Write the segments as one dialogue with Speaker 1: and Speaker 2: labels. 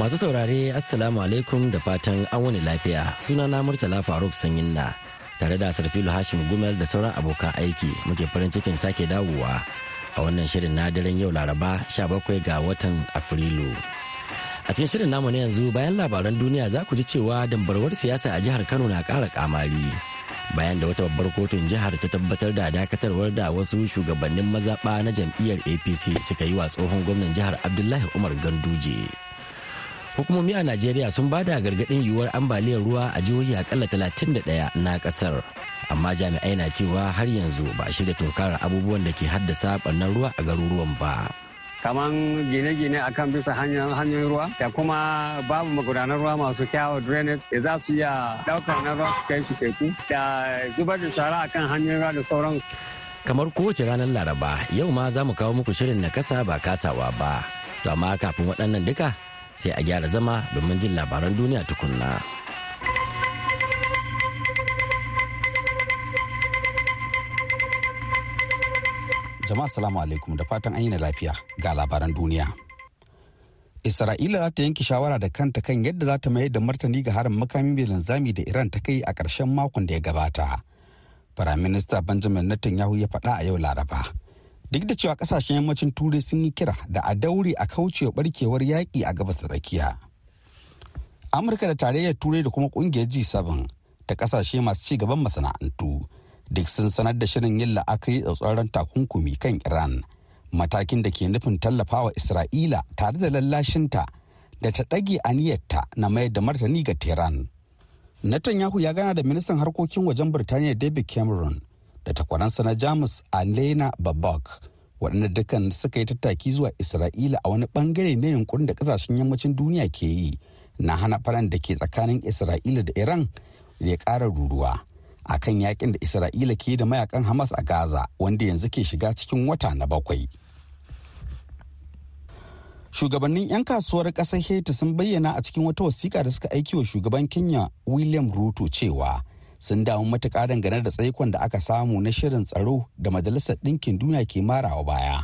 Speaker 1: Masu saurare Assalamu alaikum da fatan an wani lafiya sunana Murtala Faruk Sanyin na tare da Sarfilu Hashim Gumel da sauran abokan aiki muke farin cikin sake dawowa a wannan shirin na daren yau Laraba 17 ga watan Afrilu. A cikin shirin namu na yanzu bayan labaran duniya za ku ji cewa dambarwar siyasa a jihar Kano na ƙara kamari. Bayan da wata babbar kotun jihar ta tabbatar da dakatarwar da wasu shugabannin mazaɓa na jam'iyyar APC suka yi wa tsohon gwamnan jihar Abdullahi Umar Ganduje. hukumomi a najeriya sun ba da gargaɗin yiwuwar ambaliyar ruwa a jihohi akalla 31 na kasar, amma jami'ai na cewa har yanzu ba shi da tunkarar abubuwan da ke haddasa ɓarnar ruwa a garuruwan ba
Speaker 2: kaman gine-gine a kan bisa hanyoyin ruwa da kuma babu magudanar ruwa masu kyawo drainage da za su iya daukar na ruwa su kai shi teku da zubar da shara a kan hanyoyin ruwa da sauran kamar kowace ranar
Speaker 1: laraba yau ma za mu kawo muku shirin na kasa ba kasawa ba to amma kafin waɗannan duka sai a gyara zama domin jin labaran duniya tukunna.
Speaker 3: Jama'a salamu alaikum da fatan an yi na lafiya ga labaran duniya. Isra'ila za ta yanke shawara da kanta kan yadda za ta mayar da martani ga harin makami mai linzami da Iran ta kai a ƙarshen makon da ya gabata. Firaminista Benjamin Netanyahu ya faɗa a yau Laraba. duk da cewa kasashen yammacin turai sun yi kira da a daure a kauce barkewar yaƙi a gabas da amurka da tarayyar turai da kuma kungiyar g7 da kasashe masu ci gaban masana'antu duk sun sanar da shirin yin la'akari da tsoron takunkumi kan iran matakin da ke nufin tallafawa isra'ila tare da lallashinta da ta ɗage aniyarta na mayar da martani ga tehran netanyahu ya gana da ministan harkokin wajen birtaniya david cameron da takwaransa na jamus alena babak waɗanda dukkan suka yi tattaki zuwa isra'ila a wani bangare na yunkurin da ƙasashen yammacin duniya ke yi na hana faran da ke tsakanin isra'ila da iran ya ƙara ruruwa a kan yakin da isra'ila ke da mayakan hamas a gaza wanda yanzu ke shiga cikin wata na bakwai shugabannin 'yan kasuwar ƙasar haiti sun bayyana a cikin wata wasiƙa da suka aiki wa shugaban kenya william ruto cewa sun damu matuƙa dangane da tsaikon da aka samu na shirin tsaro da majalisar ɗinkin duniya ke marawa baya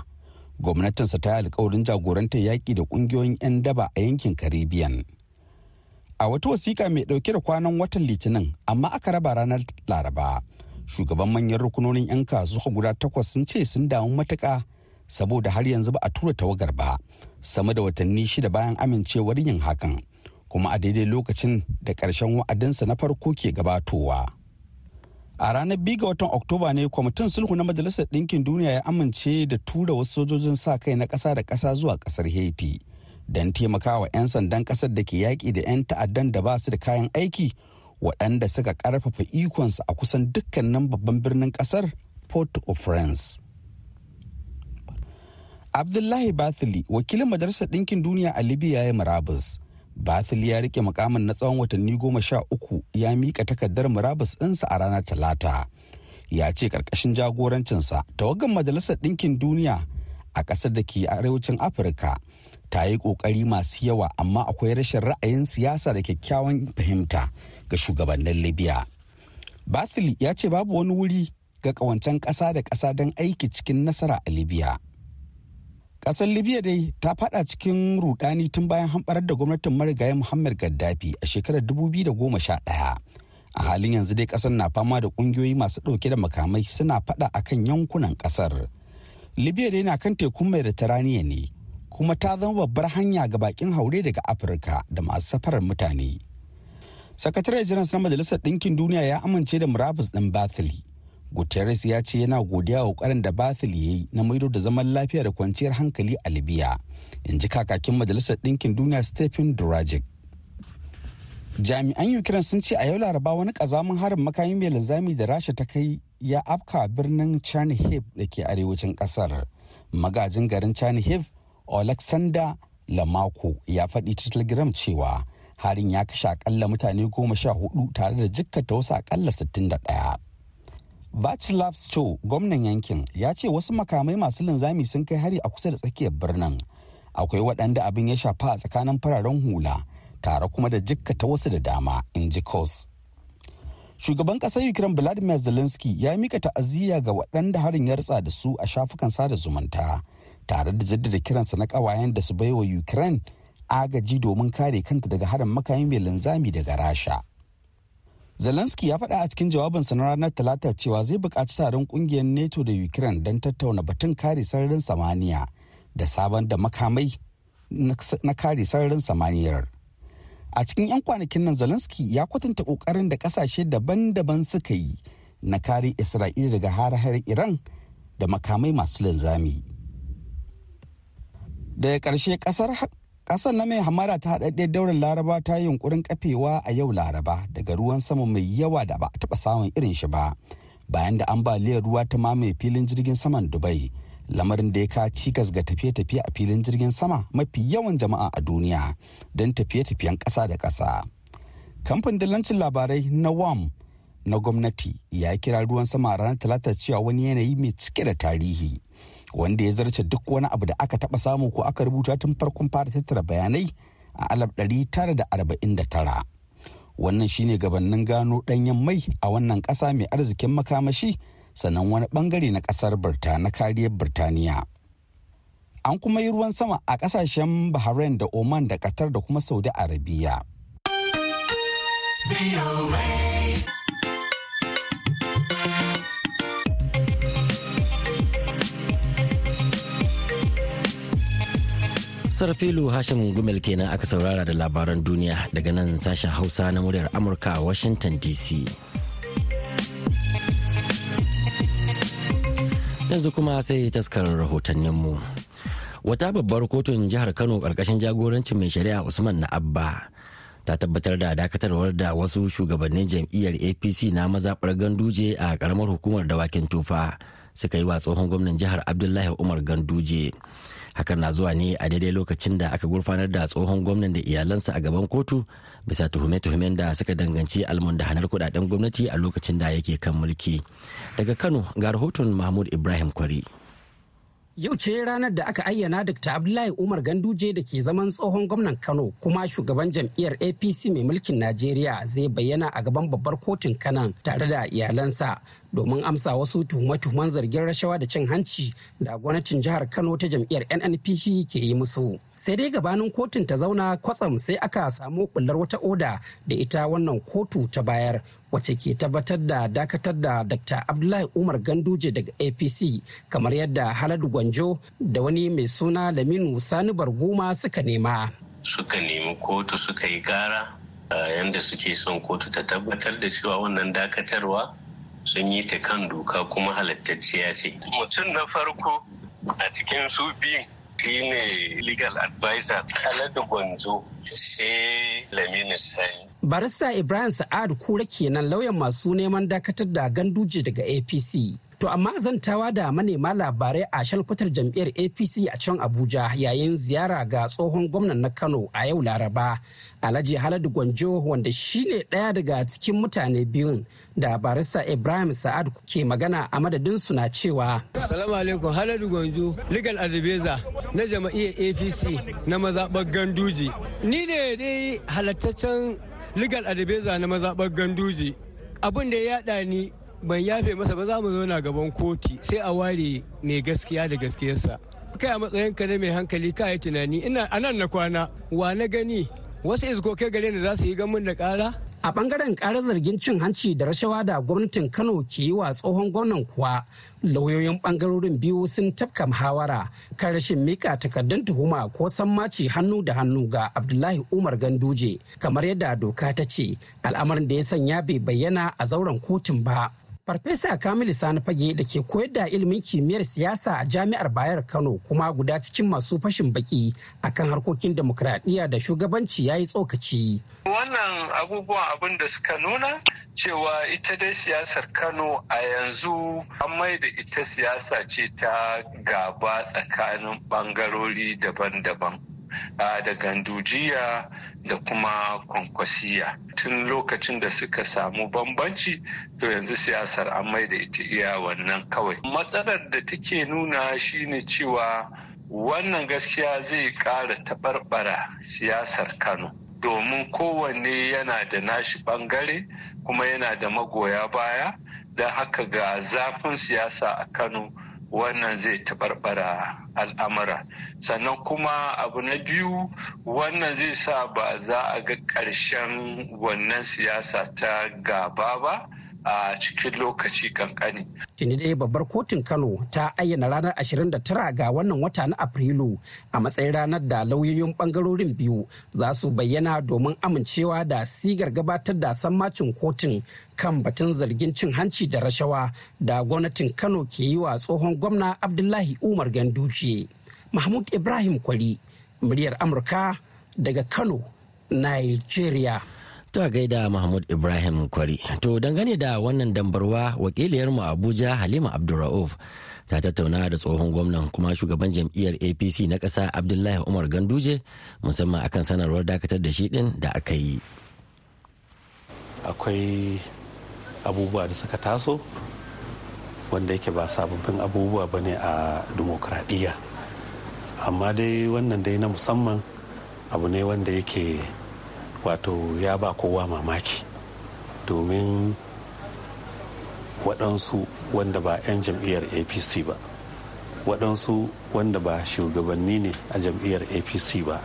Speaker 3: gwamnatinsa ta yi alkawarin jagorantar yaƙi da ƙungiyoyin 'yan daba a yankin caribbean a wata wasiƙa mai ɗauke da kwanan watan litinin amma aka raba ranar laraba shugaban manyan rukunonin 'yan kasuwa guda takwas sun ce sun damu matuƙa saboda har yanzu ba a tura tawagar ba sama da watanni shida bayan amincewar yin hakan kuma a daidai lokacin da ƙarshen wa'adinsa na farko ke gabatowa. A ranar biyu ga watan Oktoba ne kwamitin sulhu na Majalisar Ɗinkin Duniya ya amince da tura wasu sojojin sa kai na ƙasa da ƙasa zuwa ƙasar Haiti don taimakawa 'yan sandan ƙasar da ke yaƙi da 'yan ta'addan da ba su da kayan aiki waɗanda suka ƙarfafa ikonsu a kusan dukkanin babban birnin ƙasar Port-au-Prince. Abdullahi Bathily, wakilin Majalisar Ɗinkin Duniya a Libya ya yi murabus. basil ya rike mukamin na tsawon watanni goma sha uku ya mika takardar murabus ɗinsa a ranar talata ya ce karkashin jagorancinsa tawagan majalisar ɗinkin duniya a ƙasar da ke arewacin afirka ta yi ƙoƙari masu yawa amma akwai rashin ra'ayin siyasa da kyakkyawan fahimta ga shugabannin libya basil ya ce babu wani wuri ga ƙawancen ƙasa da ƙasa don aiki cikin nasara a libya Ƙasar Libya dai ta fada cikin rudani tun bayan hamɓarar da gwamnatin marigayi Muhammad Gaddafi a shekarar 2011. A halin yanzu dai ƙasar na fama da ƙungiyoyi masu ɗauke da makamai suna fada a kan yankunan ƙasar. Libya dai na kan tekun Mediterranean ne, kuma ta zama babbar hanya ga bakin haure daga Afirka da masu safarar mutane. Sakataren jiran na Majalisar Ɗinkin Duniya ya amince da murabus ɗin Bathily guterres ya ce yana godiya wa ƙoƙarin da bathil ya yi na maido da zaman lafiya da kwanciyar hankali a libya in ji kakakin majalisar ɗinkin duniya stephen durajic jami'an ukraine sun ce a yau laraba wani kazamin harin makami mai linzami da rasha ta kai ya afka birnin chernihiv da ke arewacin kasar magajin garin chernihiv alexander lamako ya faɗi ta telegram cewa harin ya kashe akalla mutane goma sha hudu tare da jikkata wasu akalla ɗaya Bachelab Cho gwamnan yankin ya ce wasu makamai masu linzami sun kai hari a kusa da tsakiyar birnin. Akwai waɗanda abin ya shafa a tsakanin fararen hula tare kuma da jikkata wasu da dama in ji Kos. Shugaban ƙasar Ukraine Vladimir Zelensky ya mika ta'aziyya ga waɗanda harin ya ritsa da su a shafukan sada zumunta tare da jaddada kiransa na ƙawayen da su baiwa Ukraine agaji domin kare kanta daga harin makami mai linzami daga Rasha. Zelensky ya faɗa a cikin jawabinsa na ranar Talata cewa zai buƙaci taron ƙungiyar NATO da Ukraine don tattauna batun kare sararin samaniya da sabon da makamai na kare sararin samaniyar. A cikin 'yan kwanakin nan Zelensky ya kwatanta ƙoƙarin da ƙasashe daban-daban suka yi na kare Isra'ila daga har Iran da makamai masu linzami. Daga ƙarshe ƙasar kasar na mai hamara ta haɗaɗɗiyar daular Laraba ta yi yunkurin kafewa a yau Laraba daga ruwan sama mai yawa da ba a taɓa samun irin shi ba. Bayan da ambaliyar ruwa ta mamaye filin jirgin saman Dubai, lamarin da ya ka cikas ga tafiye-tafiye a filin jirgin sama mafi yawan jama'a a duniya don tafiye-tafiyen ƙasa da ƙasa. Kamfanin dillancin labarai na WAM na gwamnati ya kira ruwan sama ranar talata cewa wani yanayi mai cike da tarihi wanda ya zarce duk wani abu da aka taba samu ko aka rubuta tun farkon fara tattara bayanai a tara wannan shine gabannin gano danyen mai a wannan ƙasa mai arzikin makamashi sannan wani bangare na ƙasar burta na kariyar birtaniya an kuma yi ruwan sama a ƙasashen bahrain da oman da qatar da kuma saudi arabiya
Speaker 1: sarfilu hashim gumel kenan aka saurara da labaran duniya daga nan sashen hausa na muryar amurka a washington dc yanzu kuma sai taskar rahotanninmu wata babbar kotun jihar kano karkashin jagorancin mai shari'a usman na abba ta tabbatar da dakatarwar da wasu shugabannin jam'iyyar apc na mazaɓar ganduje a karamar hukumar dawakin tufa suka yi wa tsohon gwamnan jihar abdullahi umar ganduje hakan na zuwa ne a daidai lokacin da aka gurfanar da tsohon gwamnan da iyalansa a gaban kotu bisa tuhume-tuhumen da suka danganci da hanar kudaden gwamnati a lokacin da yake kan mulki daga kano ga rahoton mahmud ibrahim kwari
Speaker 4: Yau ce ranar da aka ayyana Dr. Abdullahi Umar Ganduje da ke zaman tsohon gwamnan Kano kuma shugaban jam'iyyar APC mai mulkin Najeriya zai bayyana a gaban babbar kotun Kanan tare da iyalansa domin amsa wasu tuhume-tuhumen zargin rashawa da cin hanci da gwamnatin jihar Kano ta jam'iyyar NNPP ke yi musu. Sai dai gabanin kotun ta zauna kwatsam sai aka samu kullar wata oda da ita wannan kotu ta bayar wacce ke tabbatar da dakatar da Dr. Abdullahi Umar Ganduje daga APC kamar yadda Haladu Gwanjo da wani mai suna Laminu Sani Barguma suka nema.
Speaker 5: Suka nemi kotu suka yi gara yadda suke son kotu ta tabbatar da cewa wannan
Speaker 2: dakatarwa sun yi ta kan doka kuma halittacciya ce. Mutum na farko a cikin su biyu ne legal advisor Haladu Gwanjo
Speaker 6: sai Laminu Sani.
Speaker 4: barista ibrahim sa'ad kura kenan lauyan masu neman dakatar da ganduje daga apc To amma zantawa da manema labarai a shalkwatar jam'iyyar APC a can Abuja yayin ziyara ga tsohon gwamnan na Kano a yau Laraba. Alhaji Haladu Gwanjo wanda shine daya daga cikin mutane biyun da barista Ibrahim Sa'ad ke magana a madadin su na cewa.
Speaker 2: Salamu alaikum Haladu Gwanjo, legal advisor na jama'iyyar APC na mazaɓar Ganduji. Ni ne dai halattaccen ligal adabeza na mazaɓar ganduje abin da ya yaɗa ni ban yafe masa ba za mu zauna gaban koti sai a ware mai gaskiya da gaskiyarsa kai a matsayin ka na mai hankali ka yi tunani ina anan na kwana wa na gani wasu iskokai gare ni za su yi gamin da kara. a bangaren karar zargin cin hanci da
Speaker 4: rashawa da gwamnatin kano ke yi wa tsohon gwamnan kuwa lauyoyin bangarorin biyu sun tafka muhawara kan rashin mika takardun tuhuma ko sammaci hannu da hannu ga abdullahi umar ganduje kamar yadda doka ta ce al'amarin da ya sanya bai bayyana a zauren kotun ba Farfesa Kamilu Sani Fage da ke koyar da ilimin kimiyyar siyasa a Jami'ar Bayar Kano kuma guda cikin masu fashin baki akan harkokin demokradiyya da shugabanci ya yi tsokaci.
Speaker 2: Wannan abubuwan abin da suka nuna cewa
Speaker 5: ita dai siyasar Kano a yanzu an mai da ita siyasa ce ta gaba tsakanin bangarori daban-daban. da gandujiya
Speaker 6: da kuma kwankwasiya tun lokacin da suka samu bambanci to yanzu siyasar an mai da ita iya wannan kawai matsalar da take nuna
Speaker 5: shine cewa wannan gaskiya zai ƙara taɓarɓara siyasar kano domin kowanne yana da nashi ɓangare kuma yana da magoya baya don haka ga zafin siyasa a kano wannan zai tabarbara al'amura sannan kuma abu na biyu wannan zai sa ba za a ga ƙarshen wannan siyasa ta gaba ba a cikin lokaci kankani.
Speaker 4: Tuni dai babbar kotun Kano ta ayyana ranar 29 ga wannan wata na Afrilu a matsayin ranar da lauyoyin bangarorin biyu za su bayyana domin amincewa da sigar gabatar da sammacin kotun kan batun zargin cin hanci da rashawa da gwamnatin Kano ke yi wa tsohon gwamna Abdullahi Umar Ganduje. Mahmud Ibrahim Kwari, muryar Amurka daga Kano, Nigeria.
Speaker 1: ta gaida Mahmud Ibrahim Kwari. To dangane da wannan dambarwa wakiliyarmu Abuja Halima Abdulra'uf ta tattauna da tsohon gwamnan kuma shugaban jam'iyyar APC na ƙasa Abdullahi Umar Ganduje musamman akan sanarwar
Speaker 6: dakatar da shi ɗin da aka yi. Akwai abubuwa da suka taso wanda yake ba sababbin abubuwa ba ne a dimokuraɗiyya. Amma dai wannan dai na musamman abu ne wanda yake wato ya ba kowa mamaki domin waɗansu wanda ba 'yan jam'iyyar apc ba waɗansu wanda ba shugabanni ne a jam'iyyar apc ba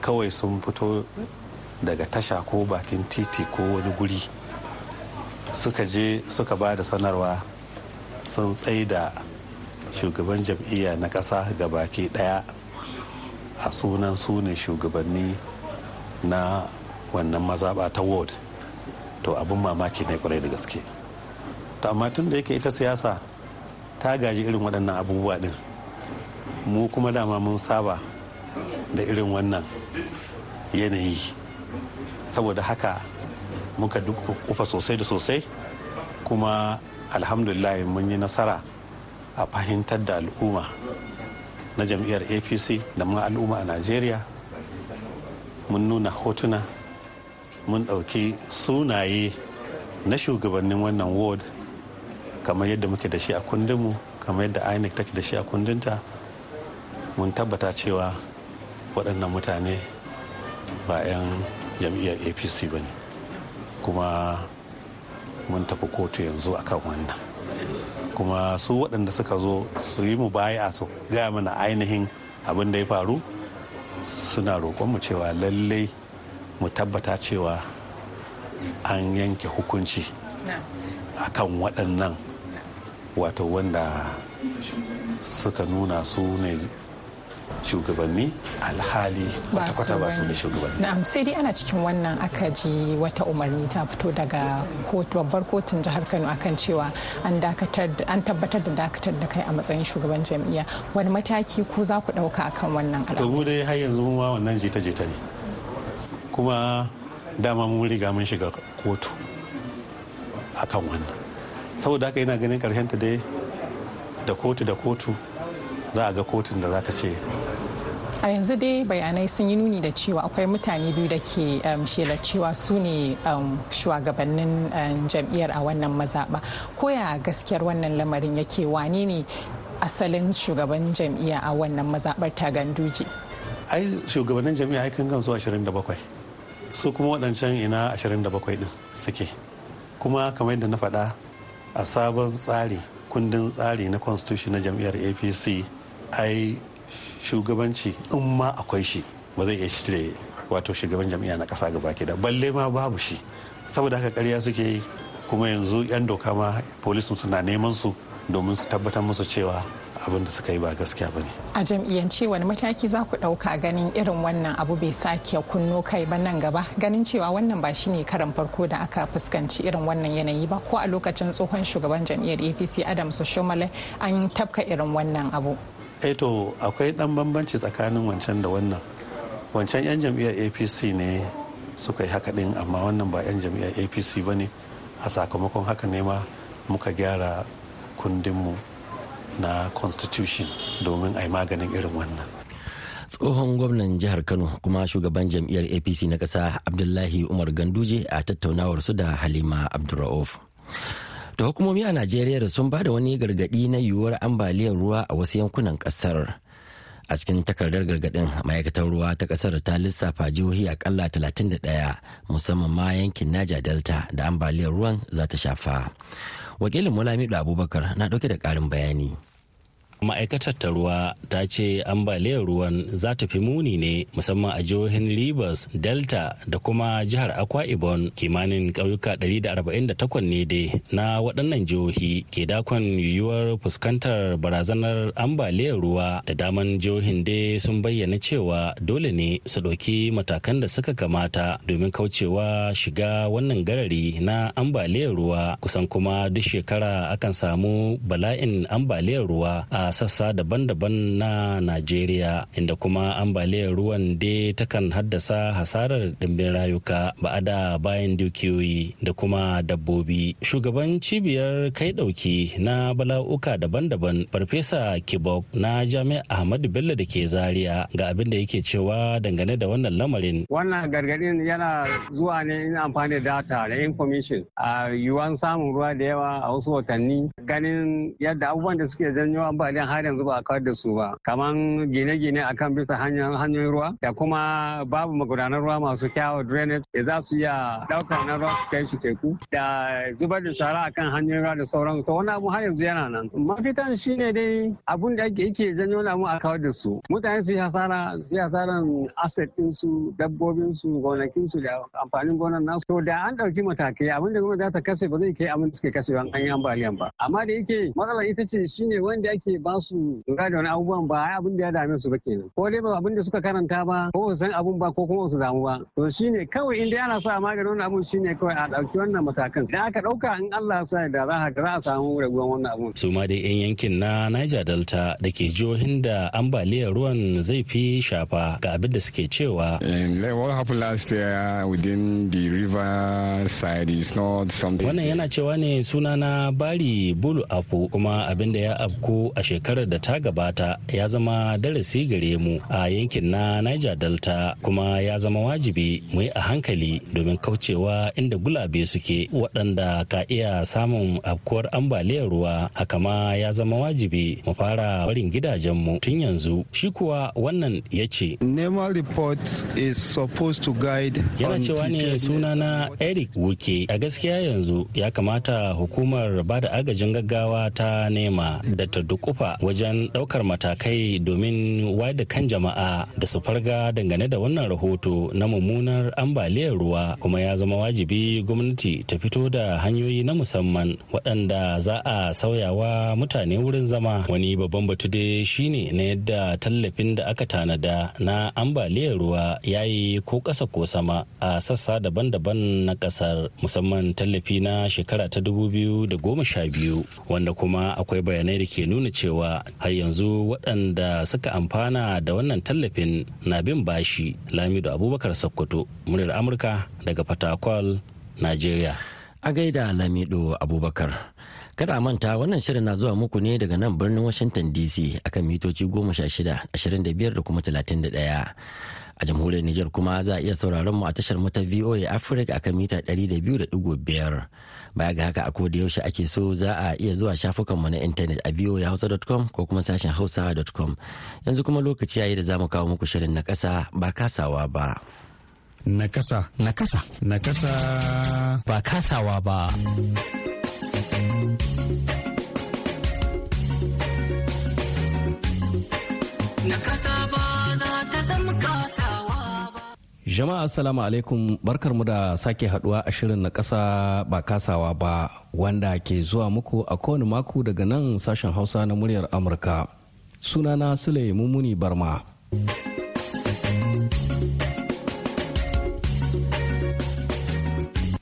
Speaker 6: kawai sun fito daga tasha ko bakin titi ko wani guri suka je suka ba da sanarwa sun da shugaban jam'iyya na ƙasa ga baki ɗaya a sunan su ne shugabanni na wannan mazaɓa ta ward to abin mamaki ne kwarai da gaske to amma tun da yake ita siyasa ta gaji irin waɗannan abubuwa ɗin mu kuma dama mun saba da irin wannan yanayi saboda haka muka duk kufa sosai da sosai kuma alhamdulillah mun yi nasara a fahimtar da al'umma na jam'iyyar apc da ma al'umma a najeriya mun nuna hotuna mun ɗauki sunaye na shugabannin wannan ward kamar yadda muke da shi a kundinmu kamar yadda inec take da shi a kundinta mun tabbata cewa waɗannan mutane ba 'yan jam'iyyar apc ba ne kuma mun tafi kotu yanzu a kan wannan kuma su waɗanda suka zo su yi mu baya su gaya mana ainihin abin da ya faru suna mu cewa lallai mu tabbata cewa an yanke hukunci a kan waɗannan wato wanda suka nuna su ne shugabanni alhali kwata-kwata ba su ne shugabanni.
Speaker 7: Na'am sai dai ana cikin wannan aka ji wata umarni ta fito daga babbar kotun jihar Kano akan cewa an tabbatar da dakatar da kai a matsayin shugaban jam'iyya wani mataki ko za ku dauka akan wannan al'amari.
Speaker 6: dai har yanzu mun ma wannan jita-jita ne kuma dama mun riga mun shiga kotu akan wannan saboda haka yana ganin karshen ta dai da kotu da kotu za a ga kotun da za ta ce
Speaker 7: a yanzu dai bayanai sun yi nuni da cewa akwai mutane biyu da ke um, shelar cewa su ne um, shugabannin um, jam'iyyar a wannan mazaɓa koya gaskiyar wannan lamarin yake wane ne asalin shugaban jam'iyya a wannan mazaɓar ta ganduje
Speaker 6: ai shugabannin jam'iyya ai kan gansu 27 su kuma waɗancan ina 27 din suke kuma kamar yadda na faɗa a sabon tsari kundin tsari na constitution na jam'iyyar apc ai shugabanci in ma akwai shi ba zai iya shirya wato shugaban jam'iyya na kasa gaba ke da balle ma babu shi saboda haka karya suke yi kuma yanzu 'yan doka ma musu suna neman su domin su tabbatar musu cewa abin da suka yi ba gaskiya ba ne.
Speaker 7: A jam'iyyance wani mataki za ku ɗauka ganin irin wannan abu bai sake kunno kai ba nan gaba ganin cewa wannan ba shine karan farko da aka fuskanci irin wannan yanayi ba ko a lokacin tsohon shugaban jam'iyyar APC Adams Shomale an tabka irin wannan abu.
Speaker 6: eto eh akwai dan bambanci tsakanin wancan da wannan wancan 'yan jam'iyyar apc ne suka yi haka din amma wannan ba 'yan jam'iyyar apc ba ne a sakamakon haka ne ma muka gyara kundinmu na constitution domin a yi maganin irin wannan tsohon gwamnan jihar kano kuma shugaban
Speaker 1: jam'iyyar apc na ƙasa abdullahi umar ganduje a tattaunawar su da halima abdulra'uf Da hukumomi a najeriya da sun bada wani gargadi na yiwuwar ambaliyar ruwa a wasu yankunan ƙasar a cikin takardar gargadin, ma'aikatar ruwa ta ƙasar ta lissafa jihohi akalla 31 musamman ma yankin naja delta da ambaliyar ruwan za ta
Speaker 5: shafa wakilin mulamido abubakar na dauke da ƙarin bayani ma'aikatar ta ruwa ta ce ambaliyar ruwan za ta fi muni ne musamman a jihohin rivers delta da kuma jihar akwa ibon kimanin ƙauyuka 148 ne dai na waɗannan jihohi ke dakon yiwuwar fuskantar barazanar ambaliyar ruwa da daman jihohin dai sun bayyana cewa dole ne su ɗauki matakan da suka kamata domin kaucewa shiga wannan garari na ambaliyar ruwa kusan kuma duk shekara akan samu bala'in ambaliyar ruwa a sassa daban-daban na najeriya inda kuma ambaliyar ruwan ta takan haddasa hasarar dimbin rayuka da bayan dukiyoyi da kuma dabbobi shugaban cibiyar kai dauki na bala'uka daban-daban farfesa kibok na jami'a ahmadu bello da ke zaria ga abin da yake cewa dangane da wannan lamarin
Speaker 2: wannan gargadin yana zuwa ne in amfani da data da information a yiwuwan samun ruwa da yawa a wasu watanni ganin yadda abubuwan da suke janyo ambaliya waɗannan har yanzu ba a kawar da su ba Kamar gine-gine akan bisa hanyoyin ruwa da kuma babu magudanar ruwa masu kyawa drainage da za su iya daukar na ruwa su kai shi teku da zubar da shara akan hanyoyin ruwa da sauran to wani abu har yanzu yana nan mafitan shine dai abun da ake yake janyo na mu a kawar da su mutane su yi hasara su yi hasaran asset su dabbobinsu su da amfanin gonar nasu to da an ɗauki matakai abin da gwamnati za ta kashe ba zai kai abin da suke kashewa an yi ambaliyan ba amma da yake matsalar ita ce shine wanda ake ba su lura da wani abubuwan ba ai abin da ya dame su ba kenan ko dai ba abin da suka karanta ba ko wasu san abun ba ko kuma su damu ba to shine kawai in dai ana sa maganin wannan abun shine kawai a dauki wannan matakan idan aka dauka in Allah ya sa da za a samu raguwan wannan abun
Speaker 5: su ma dai yan yankin na Niger Delta da ke jihohin da ambaliyar ruwan zai fi shafa ga abin da suke cewa what happened last year river side wannan yana cewa ne suna na Bari Bulu afu kuma abin da ya afku a shekarar da ta gabata ya zama darasi gare mu a yankin na niger delta kuma ya zama wajibi mu yi a hankali domin kaucewa inda gulabe suke waɗanda ka iya samun afkuwar ambaliyar ruwa haka ma ya zama wajibi mu fara barin mu tun yanzu shi kuwa wannan ya ce e yana cewa ne sunana eric wuke a gaskiya yanzu ya kamata hukumar ba da agajin gaggawa ta nema da ta dukufa wajen ɗaukar matakai domin wayar da kan jama'a da su farga dangane da wannan rahoto na mummunar ambaliyar ruwa kuma ya zama wajibi gwamnati ta fito da hanyoyi na musamman waɗanda za a sauyawa mutane wurin zama wani babban batu dai shine na yadda tallafin da aka tanada na ambaliyar ruwa ya yi ko ƙasa ko sama a sassa daban-daban na ƙasar musamman tallafi na shekara ta dubu biyu da goma sha biyu, wanda kuma akwai bayanai da ke nuna cewa cewa har yanzu waɗanda suka amfana da wannan tallafin na bin bashi lamido abubakar sokoto muryar amurka daga fatakwal nigeria a gaida lamido
Speaker 1: abubakar kada a manta wannan shirin na zuwa muku ne daga nan birnin washington dc akan mitoci 16 25 da kuma 31 A jamhuriyar Nijar kuma za a iya sauraron mu a tashar mu ta VOA Africa akan mita 200.5. Baya ga haka a koda yaushe ake so za a iya zuwa shafukan mu na intanet a voahausa.com ko kuma sashen hausa.com. Yanzu kuma lokaci yayi da za mu kawo muku shirin na kasa ba kasawa ba.
Speaker 2: na na ƙasa. na ƙasa. Ba kasawa ba.
Speaker 8: Jama'a assalamu alaikum barkar mu da sake haduwa a shirin na kasa ba kasawa ba wanda ke zuwa muku a kowane mako daga nan sashen Hausa na muryar Amurka. Sunana Sule mummuni Barma.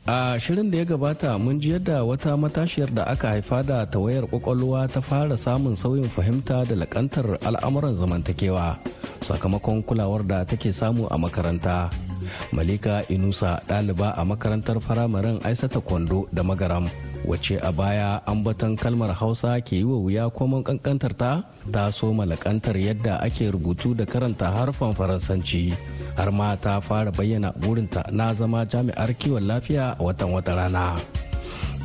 Speaker 8: a shirin da ya gabata mun ji yadda wata matashiyar da aka haifa da tawayar kwakwalwa ta fara samun sauyin fahimta da lakantar al'amuran zamantakewa sakamakon kulawar da take samu a makaranta malika inusa ɗaliba a makarantar firamaren aisata kwando da magaram Wace a baya an batan kalmar hausa ke yi wa wuya komon kankantar ta ta so malakantar yadda ake rubutu da karanta harfan faransanci har ma ta fara bayyana burinta na zama jami'ar kiwon lafiya a watan wata rana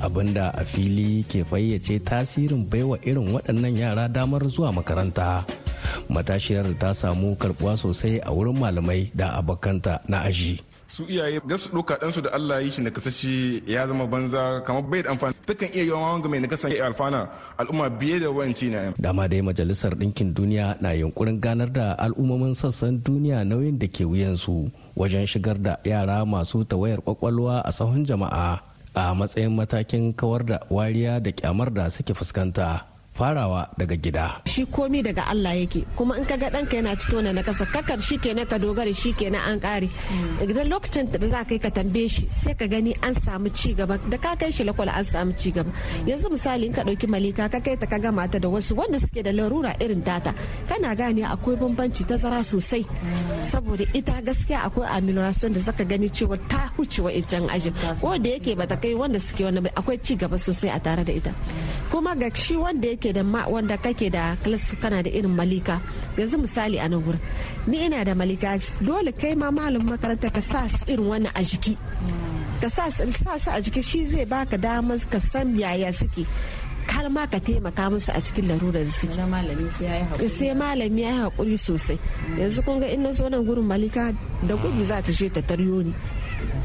Speaker 8: abinda a fili ke fayyace tasirin baiwa irin waɗannan yara damar zuwa makaranta matashiyar ta samu karbuwa sosai a wurin malamai da abokanta na
Speaker 9: aji su iyaye da su ɗauka ɗansu da Allah yi shi na kasashe ya zama banza kamar bai da amfani kan iya yawan wanga mai nakasa ya alfana al'umma biye da wayanci na yan.
Speaker 8: Dama dai majalisar ɗinkin duniya na yunkurin ganar da al'ummomin sassan duniya nauyin da ke wuyansu wajen shigar da yara masu tawayar kwakwalwa a sahun jama'a a matsayin matakin kawar da wariya da kyamar da suke fuskanta. farawa daga gida.
Speaker 10: Shi komi daga Allah yake kuma in kaga ɗanka yana cikin wani nakasa kakar shi kenan ka dogara shi kenan an ƙare. Idan lokacin da za ka yi ka tambaye shi sai ka gani an samu ci gaba da ka kai shi lakwal an samu ci gaba. Yanzu misali in ka ɗauki malika ka kai ta ka gama ta da wasu wanda suke da larura irin tata kana gane akwai bambanci ta zara sosai saboda ita gaskiya akwai amelioration da zaka gani cewa ta huce wa ijan ajin ko da yake ta kai wanda suke wani akwai ci gaba sosai a tare da ita. Kuma ga shi wanda yake kake da wanda kake da class kana da irin malika yanzu misali a nan wurin ni ina da malika dole kai ma malamin makaranta ka sa su irin wannan a jiki ka sa su a jiki shi zai baka damar ka san yaya suke har ma ka taimaka musu a cikin larurar su sai malami ya yi haƙuri sosai yanzu kun ga in na zo nan gurin malika da gudu za ta je ta taryo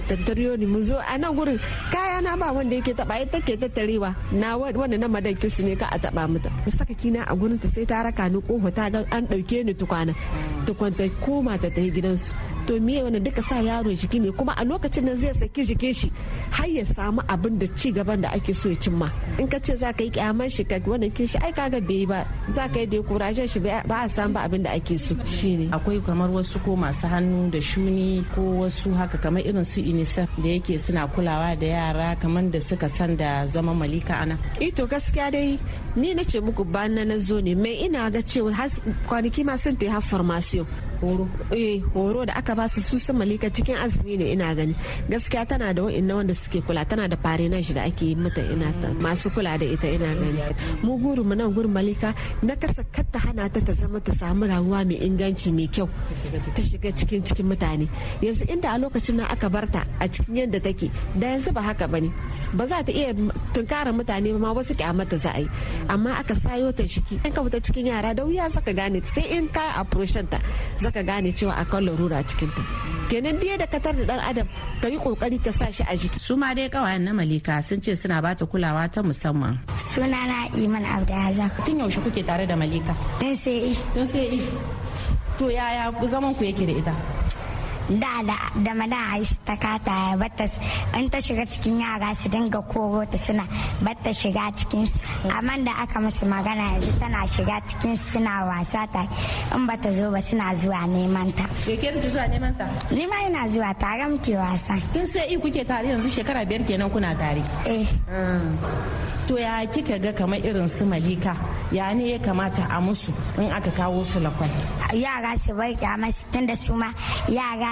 Speaker 10: tattar yoni mu zo a nan gurin kaya na ba wanda yake taba ya take tattarewa na wanda na madan kisu ne ka a taba mata saka kina a gurin ta sai ta raka ni kofa ta ga an dauke ni tukwana tukwanta koma ta tafi gidansu to me wanda duka sa yaro jiki ne kuma a lokacin nan zai saki jikin shi har ya samu abin da ci gaban da ake so ya cimma in ka ce zaka yi kyaman shi ka wannan kin shi ai kaga bai ba zaka yi da kurajen shi ba a san ba abin da ake so shine akwai kamar wasu ko masu hannu da shuni ko wasu haka kamar irin irin su unicef da yake suna kulawa da yara kamar da suka san da zama malika ana ito eh gaskiya dai ni na ce muku bana na zo ne mai ina ga cewa kwanaki ma sun ta yi har farmasiyo horo eh horo da aka ba su sun malika cikin azumi ne ina gani gaskiya tana da wa'annan wanda suke kula tana da shi da ake yi mata ina ta masu kula da ita ina gani mu guru mu nan gurin malika na kasa katta hana ta ta zama ta samu rayuwa mai inganci mai kyau ta shiga cikin cikin mutane yanzu inda a lokacin nan aka barta a cikin yadda take da yanzu ba haka bane ba za ta iya tunkara mutane ma wasu kyamata za a yi amma aka sayo ta shiki in ka fita cikin yara da wuya saka gane sai in ka approach ta ka gane cewa akwai larura cikin ta kenan diya da katar da dan adam ka yi kokari ka sa shi a jiki su ma dai kawayen na malika sun ce suna bata kulawa ta musamman
Speaker 7: suna na iman abdulrazak tun yaushe kuke tare da malika dan sai e. dan sai e. to yaya zaman ku yake da ita da
Speaker 1: da mana a ta kata bata in ta shiga cikin yara su dinga koro ta suna bata shiga cikin amma da aka musu magana yanzu tana shiga cikin suna wasa ta in bata zo ba suna zuwa neman ta ke ke zuwa neman ta ni ma ina zuwa
Speaker 10: tare muke wasa kin sai i kuke tare yanzu shekara biyar kenan kuna tare eh ah. to ya kika ga kamar irin su malika ya ne ya kamata a musu in aka kawo su lakwai
Speaker 1: yara su bar kyamar tunda su ma yara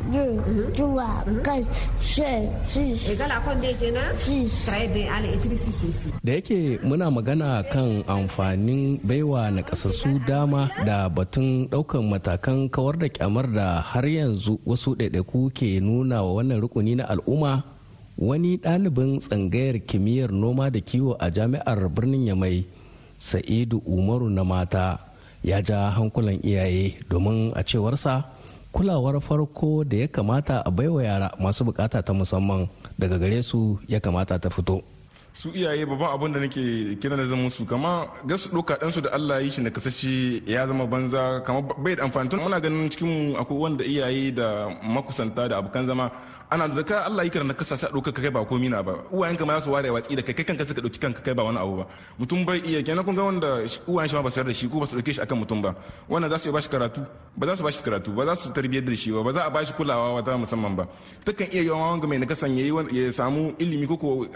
Speaker 10: 2,
Speaker 8: Da yake muna magana kan amfanin baiwa na kasassu dama da batun daukan matakan kawar da kyamar da har yanzu wasu ɗaiɗaiku ke nuna wa wannan rukuni na al'umma wani ɗalibin tsangayar kimiyyar noma da kiwo a jami'ar birnin yamai sa'idu umaru na mata ya ja hankulan iyaye domin a cewarsa kulawar farko da ya kamata a baiwa yara masu bukata ta musamman daga gare su ya kamata ta fito
Speaker 9: su iyaye babban abin da nake kira da zama su kama gasu doka ɗansu da Allah ya yi shi na kasashe ya zama banza kama bai da amfani muna ganin cikin akwai wanda iyaye da makusanta da abokan zama ana da ka Allah yi karanta kasa sa ɗauka kai ba komi na ba uwayen ka ma su ware watsi da kai kai kanka suka ɗauki kanka kai ba wani abu ba mutum bai iya kenan kun ga wanda uwayen shi ma ba su da shi ko ba su dauke shi akan mutum ba wannan za su yi shi karatu ba za su bashi karatu ba za su tarbiyyar da shi ba ba za a bashi kulawa ba ta musamman ba takan iya yawan wanga mai nakasan yayi ya samu ilimi ko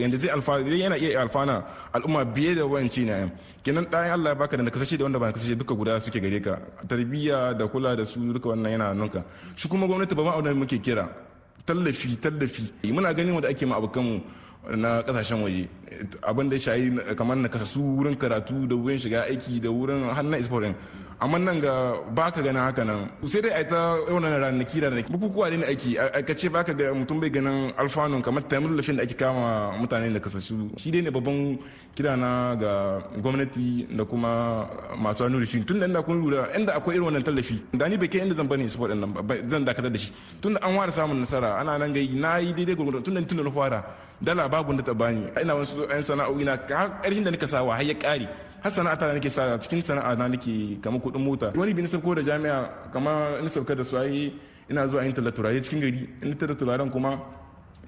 Speaker 9: yanda zai alfana yana iya alfana al'umma biye da wayanci na yan kenan ɗayan Allah ya baka da kasashe da wanda ba kasashe duka guda suke gare ka tarbiyya da kula da su duka wannan yana nunka shi kuma gwamnati ba auna muke kira tallafi tallafi muna ganin wanda ake ma abokanmu na kasashen waje abin da shayi kamar na kasasu wurin karatu da wurin shiga aiki da wurin hannun isport din amma nan ga ba ka ganin haka nan sai dai a ta wannan ranaki ranaki bukukuwa ne ake ce ba ka ga mutum bai ganin alfanun kamar tamir lafin da ake kama mutane da kasasu shi dai ne babban kira na ga gwamnati da kuma masu hannu da shi tun da inda kun lura inda akwai irin wannan tallafi da ni bai kai inda zan bane sport din nan zan dakatar da shi tun da an ware samun nasara ana nan ga na yi daidai gurgurdan tun da tun da na fara dala babu da ta bani ina wasu yan sana'o'i na karshen da nika sawa har ya kare har sana'ata da nake sa cikin sana'a na nake kama kuɗin mota wani bi nisar ko da jami'a kama nisar ka da su ayi ina zuwa yin tallata turare cikin gari ina tallata turaren kuma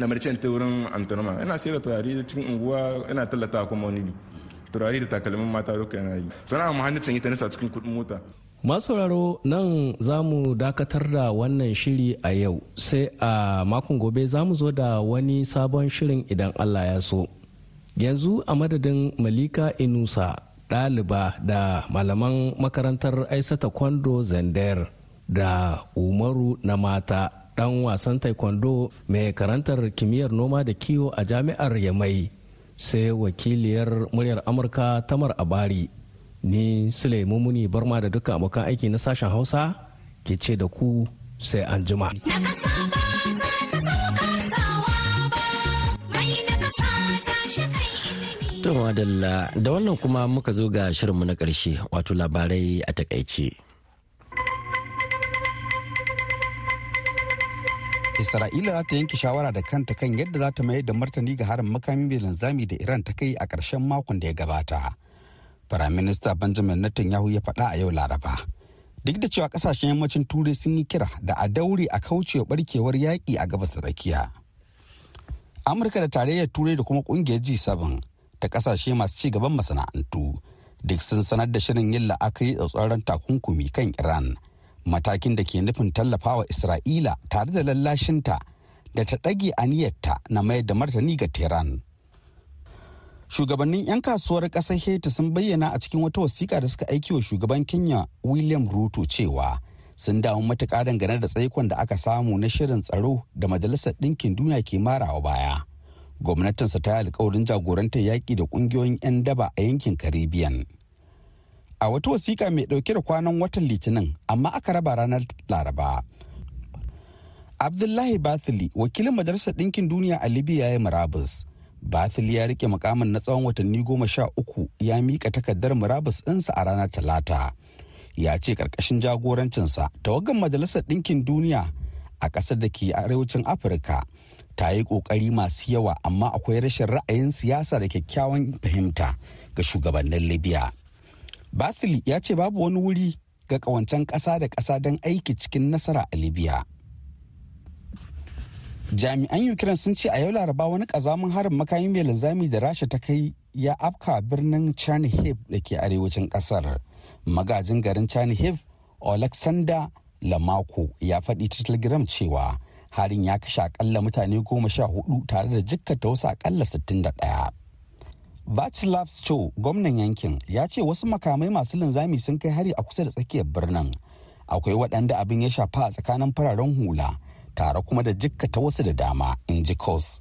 Speaker 9: na marcen ta wurin antanama ina sayar da turare cikin unguwa ina tallata kuma wani bi turare da takalmin mata duka yana yi sana'a muhannicin ita nisa cikin kuɗin mota
Speaker 8: masauraro nan za mu dakatar da wannan shiri a yau sai a makon gobe za mu zo da wani sabon shirin idan allah ya so yanzu a madadin malika inusa ɗaliba da malaman makarantar aisata kwando zander da umaru na mata ɗan wasan taekwondo mai karantar kimiyyar noma da kiwo a jami'ar yamai sai wakiliyar muryar amurka tamar abari ni sule mumuni barma da duka abokan aiki na sashen hausa ke ce da ku sai an jima da wannan kuma
Speaker 1: muka zo ga shirinmu na ƙarshe wato labarai a takaice.
Speaker 3: Isra'ila ta yanke shawara da kanta kan yadda za ta mayar da martani ga harin makami mai linzami da Iran ta kai a ƙarshen makon da ya gabata. Firaminista Benjamin Netanyahu ya faɗa a yau Laraba. Duk da cewa kasashen yammacin Turai sun yi kira da a daure a kaucewa barkewar yaƙi a gabas da Amurka da tarayyar Turai da kuma ƙungiyar G7 ta kasashe masu ci gaban masana'antu duk sun sanar da shirin yin la'akari da tsoron takunkumi kan Iran. Matakin da ke nufin tallafawa Isra'ila tare da lallashinta da ta ɗage aniyarta na mayar da martani ga Tehran. shugabannin 'yan kasuwar ƙasar haiti sun bayyana a cikin wata wasiƙa da suka aiki wa shugaban kenya william ruto cewa sun damu matuƙa dangane da tsaikon da aka samu na shirin tsaro da majalisar ɗinkin duniya ke marawa baya gwamnatinsa ta yi alkawarin jagorantar yaƙi da ƙungiyoyin 'yan daba a yankin caribbean a wata wasiƙa mai ɗauke da kwanan watan litinin amma aka raba ranar laraba abdullahi bathily wakilin majalisar ɗinkin duniya a libya ya yi murabus basil ya rike mukamin na tsawon watanni goma sha uku ya mika takardar murabus ɗinsa a ranar talata ya ce ƙarƙashin jagorancinsa tawagan majalisar ɗinkin duniya a ƙasar da ke arewacin afirka ta yi ƙoƙari masu yawa amma akwai rashin ra'ayin siyasa da kyakkyawan fahimta ga shugabannin libya basil ya ce babu wani wuri ga ƙawancen ƙasa da ƙasa don aiki cikin nasara a libya jami'an ukraine sun ce a yau laraba wani kazamin harin makami mai linzami da rasha ta kai ya afka birnin chernihiv da ke arewacin kasar magajin garin chernihiv alexander lamako ya faɗi ta telegram cewa harin ya kashe akalla mutane goma sha hudu tare da jikkata wasu akalla sittin da ɗaya Vaclav Cho, gwamnan yankin, ya ce wasu makamai masu linzami sun kai hari a kusa da tsakiyar birnin. Akwai waɗanda abin ya shafa a tsakanin fararen hula tare kuma da jikkata wasu da dama in ji kos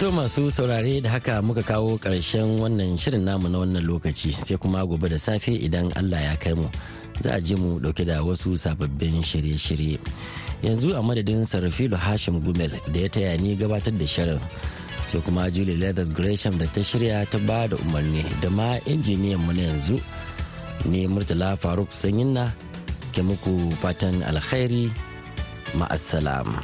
Speaker 3: To masu
Speaker 1: saurare da haka muka kawo ƙarshen wannan shirin namu na wannan lokaci sai kuma gobe da safe idan Allah ya kai mu za a ji mu dauke da wasu sababbin shirye-shirye. Yanzu a madadin Sarrafilu Hashim Gumel da ya taya ni gabatar da shirin sai kuma Julie Leathers Gresham da ta shirya ta ba da umarni da ma injiniyan mu na yanzu. ne murtala faruk sanyinna ke muku fatan alkhairi ma'assalam.